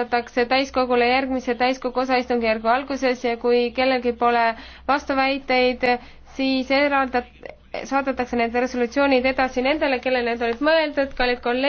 esitatakse täiskogule järgmise täiskogu osaistungjärgu alguses ja kui kellelgi pole vastuväiteid, siis eraldat-, saadetakse need resolutsioonid edasi nendele, kellele need olid mõeldud, kallid kolleegid.